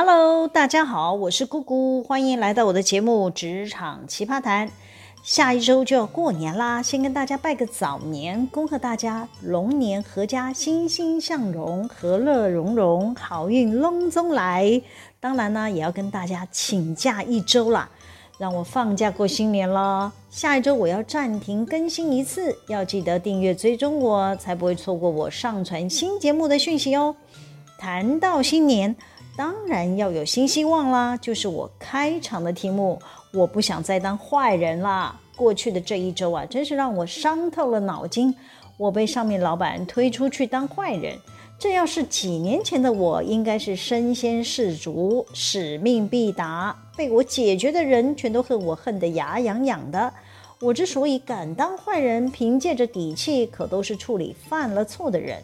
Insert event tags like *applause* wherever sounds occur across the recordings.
Hello，大家好，我是 GUGU，歡迎來到我的節目《職場奇葩談》。下一周就要過年啦，先跟大家拜個早年，恭賀大家龍年合家欣欣向榮，和樂融融，好運隆中來。當然呢，也要跟大家請假一周了，讓我放假過新年嘍。下一周我要暫停更新一次，要記得訂閱追蹤我，才不會錯過我上傳新節目的訊息哦。談到新年，當然要有新希望啦！就是我開場的題目，我不想再當壞人啦。過去的這一周啊，真是讓我傷透了腦筋。我被上面老闆推出去當壞人，這要是幾年前的我，應該是身先士卒，使命必達。被我解決的人全都恨我，恨得牙癢癢的。我之所以敢當壞人，憑借着底氣，可都是處理犯了錯的人。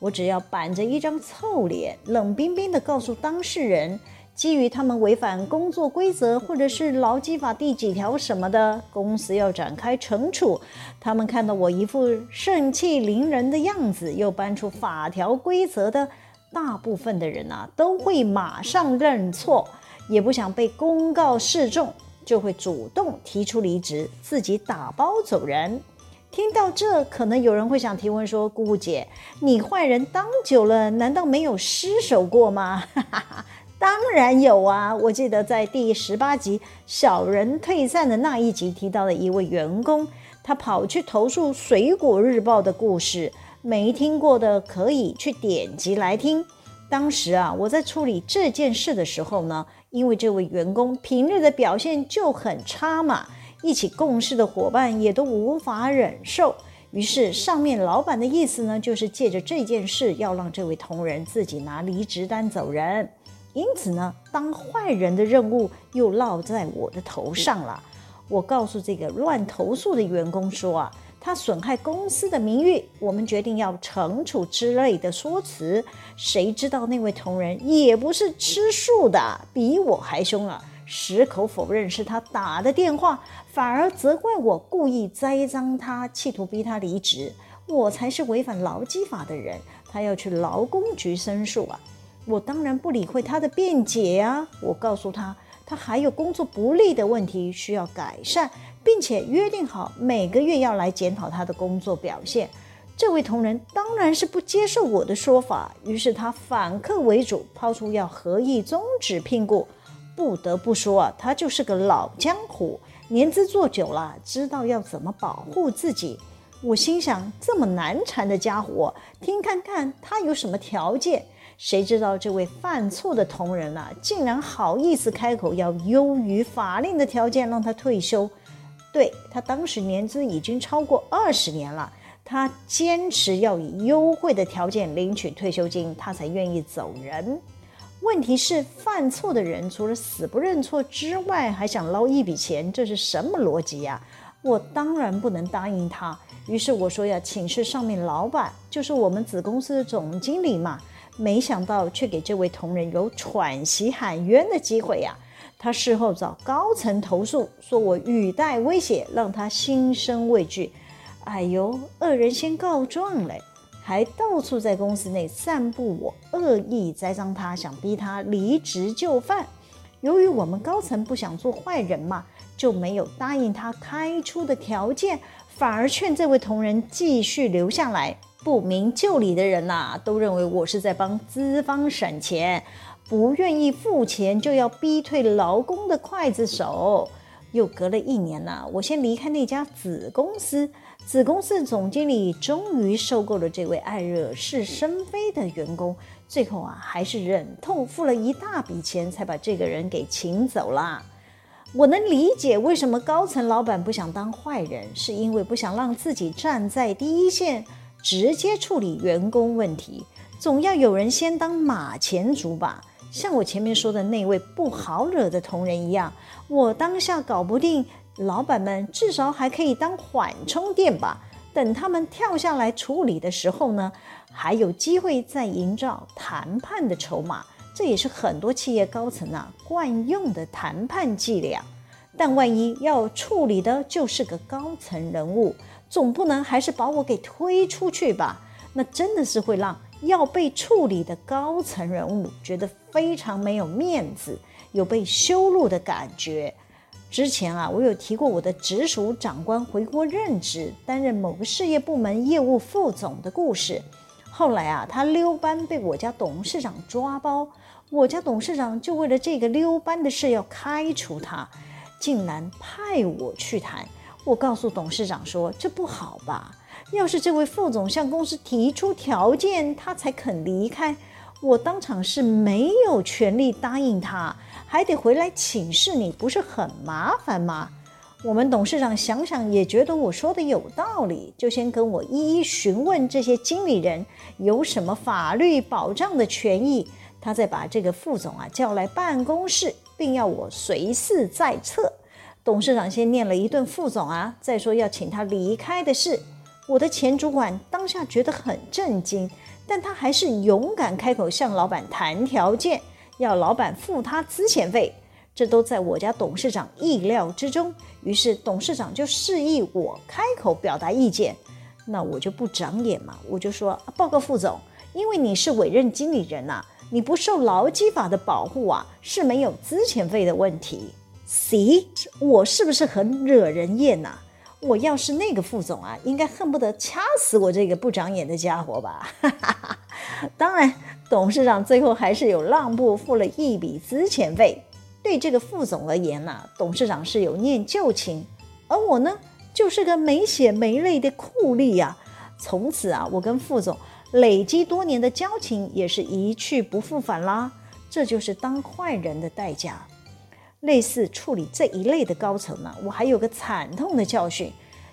我只要板着一張臭臉，冷冰冰地告訴當事人，基於他們違反工作規則，或者是勞基法第幾條什麼的，公司要展開懲處。他們看到我一副盛氣凌人的樣子，又搬出法條規則的，大部分的人啊，都會馬上認錯，也不想被公告示眾，就會主動提出離職，自己打包走人。聽到這，可能有人會想提問說：“GUGU 姐，你壞人當久了，難道沒有失手過嗎？”哈哈哈，當然有啊！我記得在第十八集小人退散的那一集提到了一位員工，他跑去投訴《水果日報》的故事，沒聽過的可以去點擊來聽。當時啊，我在處理這件事的時候呢，因為這位員工平日的表現就很差嘛。一起共事的夥伴也都無法忍受，於是上面老闆的意思呢，就是借着這件事要讓這位同仁自己拿離職單走人。因此呢，當壞人的任務又落在我的頭上了。我告訴這個亂投訴的員工說啊，他損害公司的名譽，我們決定要懲處之類的說辭。誰知道那位同仁也不是吃素的，比我還兇啊！矢口否認是他打的電話，反而責怪我故意栽贓他，企圖逼他離職。我才是違反勞基法的人，他要去勞工局申訴啊！我當然不理會他的辯解啊！我告訴他，他還有工作不力的問題需要改善，並且約定好每個月要來檢討他的工作表現。這位同仁當然是不接受我的說法，於是他反客為主，拋出要合意終止聘僱。不得不說，他就是個老江湖，年資做久了，知道要怎麼保護自己。我心想，這麼難纏的家伙，聽看看他有什麼條件？誰知道這位犯錯的同仁呢、啊，竟然好意思開口要優於法令的條件讓他退休。對，他當時年資已經超過二十年了，他堅持要以優惠的條件領取退休金，他才願意走人。問題是，犯錯的人除了死不認錯之外，還想撈一筆錢，這是什麼邏輯呀？我當然不能答應他，於是我說要請示上面老闆，就是我們子公司的總經理嘛。沒想到卻給這位同仁有喘息喊冤的機會呀！他事後找高層投訴，說我語帶威脅，讓他心生畏懼。哎呦，惡人先告狀嘞！還到處在公司內散布我惡意栽贓他，想逼他離職就範。由於我們高層不想做壞人嘛，就沒有答應他開出的條件，反而勸這位同仁繼續留下來。不明就裡的人吶、啊，都認為我是在幫資方省錢，不願意付錢就要逼退勞工的劊子手。又隔了一年吶、啊，我先離開那家子公司。子公司總經理終於受夠了這位愛惹是生非的員工，最後啊，還是忍痛付了一大筆錢才把這個人給請走了。我能理解為什麼高層老板不想當壞人，是因為不想讓自己站在第一線直接處理員工問題，總要有人先當馬前卒吧。像我前面說的那位不好惹的同仁一樣，我當下搞不定。老闆們至少還可以當緩衝墊吧，等他們跳下來處理的時候呢，還有機會再營造談判的籌碼。這也是很多企業高層啊慣用的談判伎倆。但萬一要處理的就是個高層人物，總不能還是把我給推出去吧？那真的是會讓要被處理的高層人物覺得非常沒有面子，有被羞辱的感覺。之前啊，我有提過我的直屬長官回國任職，擔任某個事業部門業務副總的故事。後來啊，他溜班被我家董事長抓包，我家董事長就為了這個溜班的事要開除他，竟然派我去談。我告訴董事長說，這不好吧？要是這位副總向公司提出條件，他才肯離開。我當場是沒有權利答應他，還得回來請示你，不是很麻煩嗎？我們董事長想想也覺得我說的有道理，就先跟我一一詢問這些經理人有什麼法律保障的權益，他再把這個副總啊叫來辦公室，並要我隨侍在側。董事長先念了一頓副總啊，再說要請他離開的事。我的前主管當下覺得很震驚。但他還是勇敢開口向老板談條件，要老板付他資遣費，這都在我家董事長意料之中。於是董事長就示意我開口表達意見，那我就不長眼嘛，我就說報告副總，因為你是委任經理人吶、啊，你不受勞基法的保護啊，是沒有資遣費的問題。C，我是不是很惹人厭啊？我要是那個副總啊，應該恨不得掐死我這個不長眼的家伙吧！ *laughs* 當然，董事長最後還是有讓步，付了一筆資遣費。對這個副總而言吶、啊，董事長是有念舊情，而我呢，就是個沒血沒淚的酷吏呀、啊。從此啊，我跟副總累積多年的交情也是一去不復返啦。這就是當壞人的代價。類似處理這一類的高層呢，我還有個慘痛的教訓。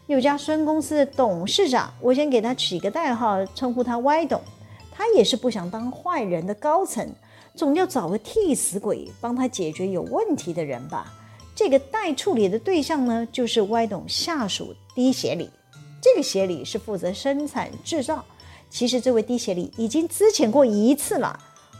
有家孫公司的董事長，我先給他取個代號，稱呼他歪董。他也是不想當壞人的高層，總要找個替死鬼幫他解決有問題的人吧。這個待處理的對象呢，就是歪董下屬低協理。這個協理是負責生產製造。其實這位低協理已經之前過一次了。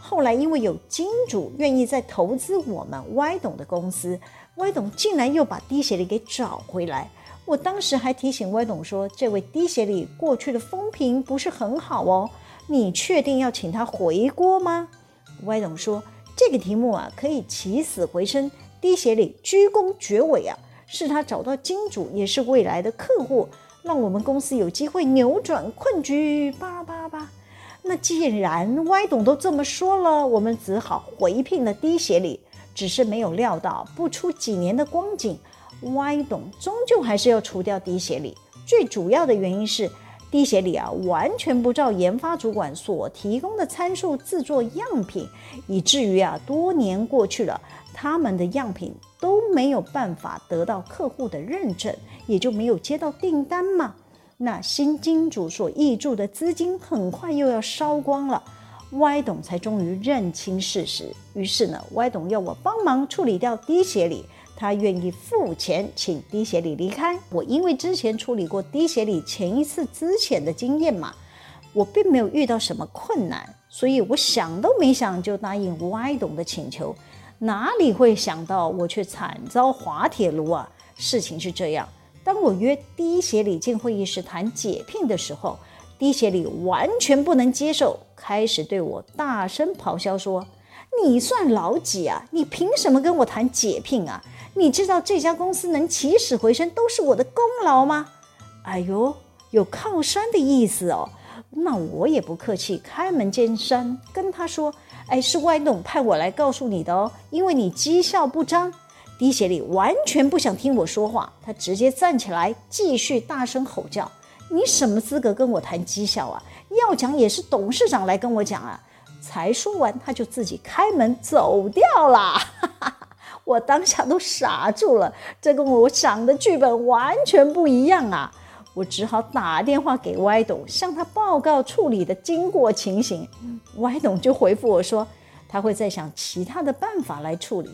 後來因為有金主願意再投資我們歪董的公司，歪董竟然又把低協理給找回來。我當時還提醒歪董說：“這位低協理過去的風評不是很好哦，你確定要請他回鍋嗎？”歪董說：“這個題目啊，可以起死回生，低協理居功厥偉啊，是他找到金主，也是未來的客戶，讓我們公司有機會扭轉困局。吧”叭叭叭。那既然歪董都這麼說了，我們只好回聘了滴血里。只是沒有料到，不出幾年的光景，歪董終究還是要除掉滴血里。最主要的原因是，滴血里啊，完全不照研發主管所提供的參數製作樣品，以至於啊，多年過去了，他們的樣品都沒有辦法得到客戶的認證，也就沒有接到訂單嘛。那新金主所挹注的資金很快又要燒光了，歪董才終於認清事實。於是呢，歪董要我幫忙處理掉低學禮，他願意付錢請低學禮離開。我因為之前處理過低學禮前一次資遣的經驗嘛，我並沒有遇到什麼困難，所以我想都沒想就答應歪董的請求。哪裡會想到我卻慘遭滑鐵盧啊！事情是這樣。當我約第一協理進會議室談解聘的時候，第一協理完全不能接受，開始對我大聲咆哮說：“你算老幾啊？你憑什麼跟我談解聘啊？你知道這家公司能起死回生都是我的功勞嗎？”哎呦，有靠山的意思哦。那我也不客氣，開門見山跟他說：“哎，是外董派我來告訴你的哦，因為你績效不彰。”低學歷完全不想聽我說話，他直接站起來繼續大聲吼叫：“你什麼資格跟我談績效啊？要講也是董事長來跟我講啊！”才說完，他就自己開門走掉了。 *laughs* 我當下都傻住了，這跟我想的劇本完全不一樣啊！我只好打電話給歪董，向他報告處理的經過情形。歪董就回復我說，他會再想其他的辦法來處理。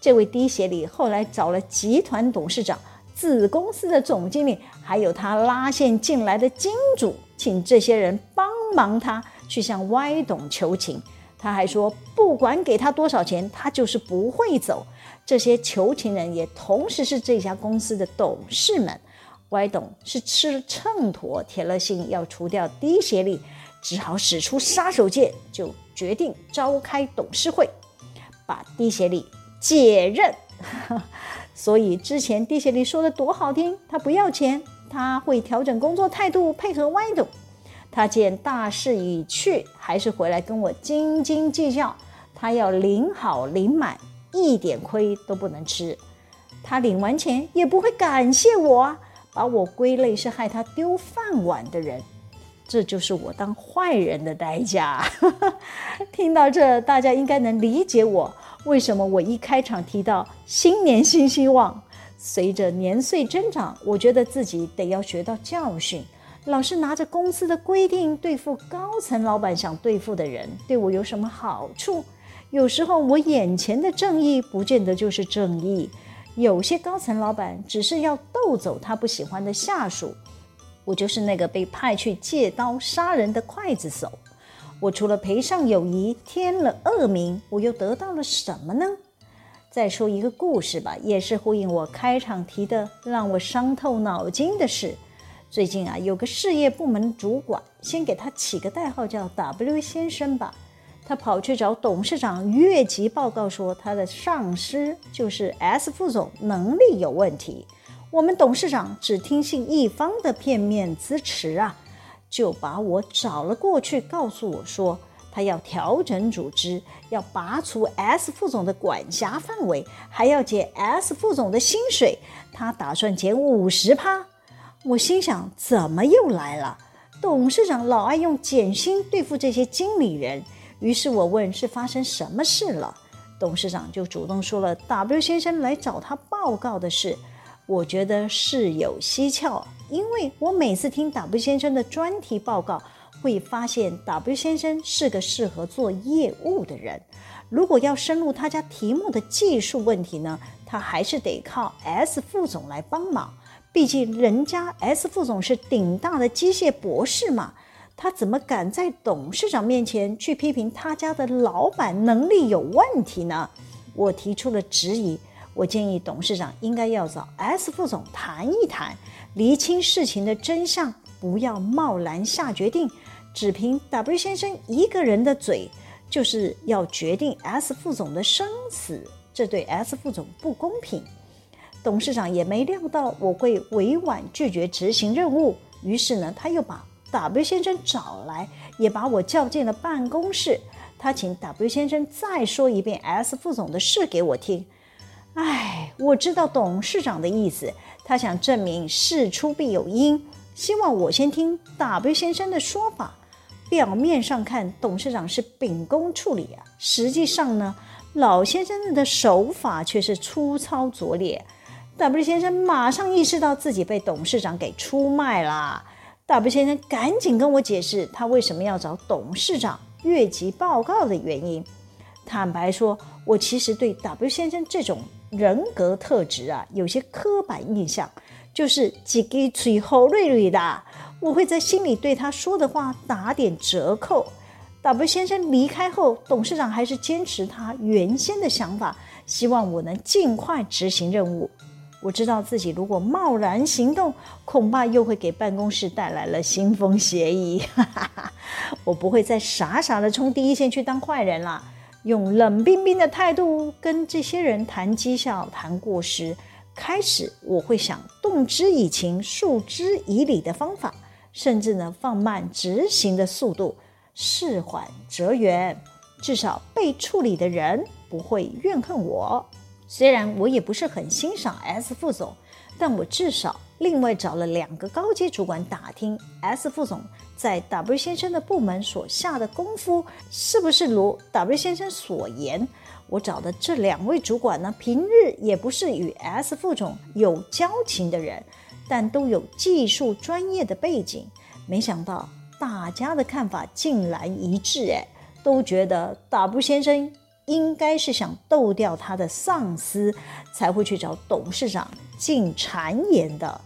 這位低學歷後來找了集團董事長、子公司的總經理，還有他拉線進來的金主，請這些人幫忙他去向歪董求情。他還說，不管給他多少錢，他就是不會走。這些求情人也同時是這家公司的董事們。歪董是吃了秤砣鐵了心要除掉低學歷，只好使出殺手鐧，就決定召開董事會，把低學歷解任。 *laughs* 所以之前地鐵裡說的多好聽，他不要錢，他會調整工作態度，配合歪董。他見大勢已去，還是回來跟我斤斤計較。他要領好領滿，一點虧都不能吃。他領完錢也不會感謝我，把我歸類是害他丟飯碗的人。這就是我當壞人的代價。 *laughs* 聽到這，大家應該能理解我，為什麼我一開場提到新年新希望？隨着年歲增長，我覺得自己得要學到教訓。老是拿着公司的規定對付高層老闆想對付的人，對我有什麼好處？有時候我眼前的正義不見得就是正義。有些高層老闆只是要鬥走他不喜歡的下屬，我就是那個被派去借刀殺人的劊子手。我除了賠上友誼，添了惡名，我又得到了什麼呢？再說一個故事吧，也是呼應我開場提的，讓我傷透腦筋的事。最近啊，有個事業部門主管，先給他起個代號叫 W 先生吧，他跑去找董事長越級報告說，說他的上司就是 S 副總能力有問題，我們董事長只聽信一方的片面支持啊。就把我找了過去，告訴我說他要調整組織，要拔除 S 副總的管轄範圍，還要減 S 副總的薪水，他打算減五十趴。我心想，怎麼又來了？董事長老愛用減薪對付這些經理人。於是我問是發生什麼事了，董事長就主動說了 W 先生來找他報告的事。我覺得事有蹊蹺，因為我每次聽 W 先生的專題報告，會發現 W 先生是個適合做業務的人。如果要深入他家題目的技術問題呢，他還是得靠 S 副總來幫忙。畢竟人家 S 副總是頂大的機械博士嘛，他怎麼敢在董事長面前去批評他家的老板能力有問題呢？我提出了質疑。我建議董事長應該要找 S 副總談一談，釐清事情的真相，不要貿然下決定。只憑 W 先生一個人的嘴，就是要決定 S 副總的生死，這對 S 副總不公平。董事長也沒料到我會委婉拒絕執行任務，於是呢，他又把 W 先生找來，也把我叫進了辦公室。他請 W 先生再說一遍 S 副總的事給我聽。哎，我知道董事長的意思，他想證明事出必有因，希望我先聽 W 先生的說法。表面上看，董事長是秉公處理啊，實際上呢，老先生的手法却是粗糙拙劣。W 先生馬上意識到自己被董事長給出賣了，W 先生趕緊跟我解釋他為什麼要找董事長越級報告的原因。坦白說，我其實對 W 先生這種人格特質啊，有些刻板印象，就是幾句最後瑞瑞的，我會在心裡對他說的話打點折扣。W 先生離開後，董事長還是堅持他原先的想法，希望我能盡快執行任務。我知道自己如果貿然行動，恐怕又會給辦公室帶來了腥風血雨，哈哈哈， *laughs* 我不會再傻傻的衝第一線去當壞人了。用冷冰冰的態度跟這些人談績效、談過失，開始我會想動之以情、訴之以理的方法，甚至呢放慢執行的速度，事緩則圓。至少被處理的人不會怨恨我。雖然我也不是很欣賞 S 副總，但我至少另外找了兩個高階主管打聽 S 副總。在 W 先生的部門所下的功夫，是不是如 W 先生所言？我找的這兩位主管呢，平日也不是與 S 副總有交情的人，但都有技術專業的背景。沒想到大家的看法竟然一致，哎，都覺得 W 先生應該是想鬥掉他的上司，才會去找董事長進讒言的。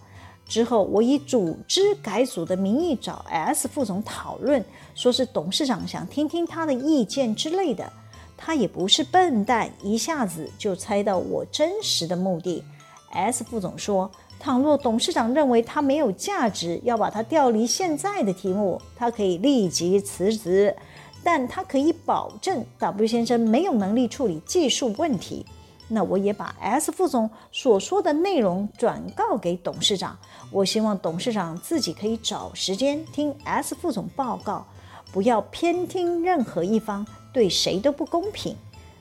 之後，我以組織改組的名義找 S 副總討論，說是董事長想聽聽他的意見之類的。他也不是笨蛋，一下子就猜到我真實的目的。S 副總說，倘若董事長認為他沒有價值，要把他調離現在的題目，他可以立即辭職。但他可以保證 W 先生沒有能力處理技術問題。那我也把 S 副總所說的內容轉告給董事長。我希望董事長自己可以找時間聽 S 副總報告，不要偏聽任何一方，對誰都不公平。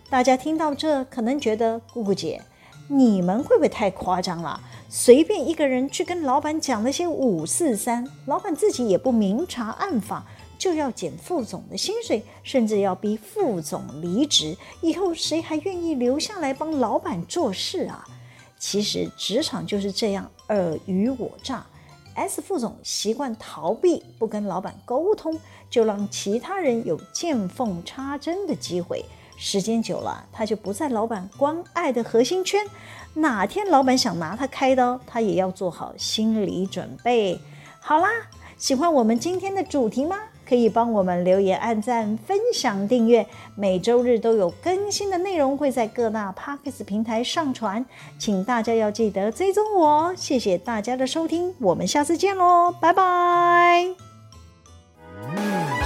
大家聽到這，可能覺得 GUGU 姐，你們會不會太誇張了？隨便一個人去跟老板講那些五四三，老板自己也不明察暗訪。就要減副總的薪水，甚至要逼副總離職。以後誰還願意留下來幫老闆做事啊？其實職場就是這樣，爾虞我詐。S 副總習慣逃避，不跟老闆溝通，就讓其他人有見縫插針的機會。時間久了，他就不在老闆關愛的核心圈。哪天老闆想拿他開刀，他也要做好心理準備。好啦，喜歡我們今天的主題嗎？可以幫我們留言、按贊、分享、訂閱，每周日都有更新的內容會在各大 Podcast 平台上傳，請大家要記得追蹤我。謝謝大家的收聽，我們下次見嘍，拜拜。嗯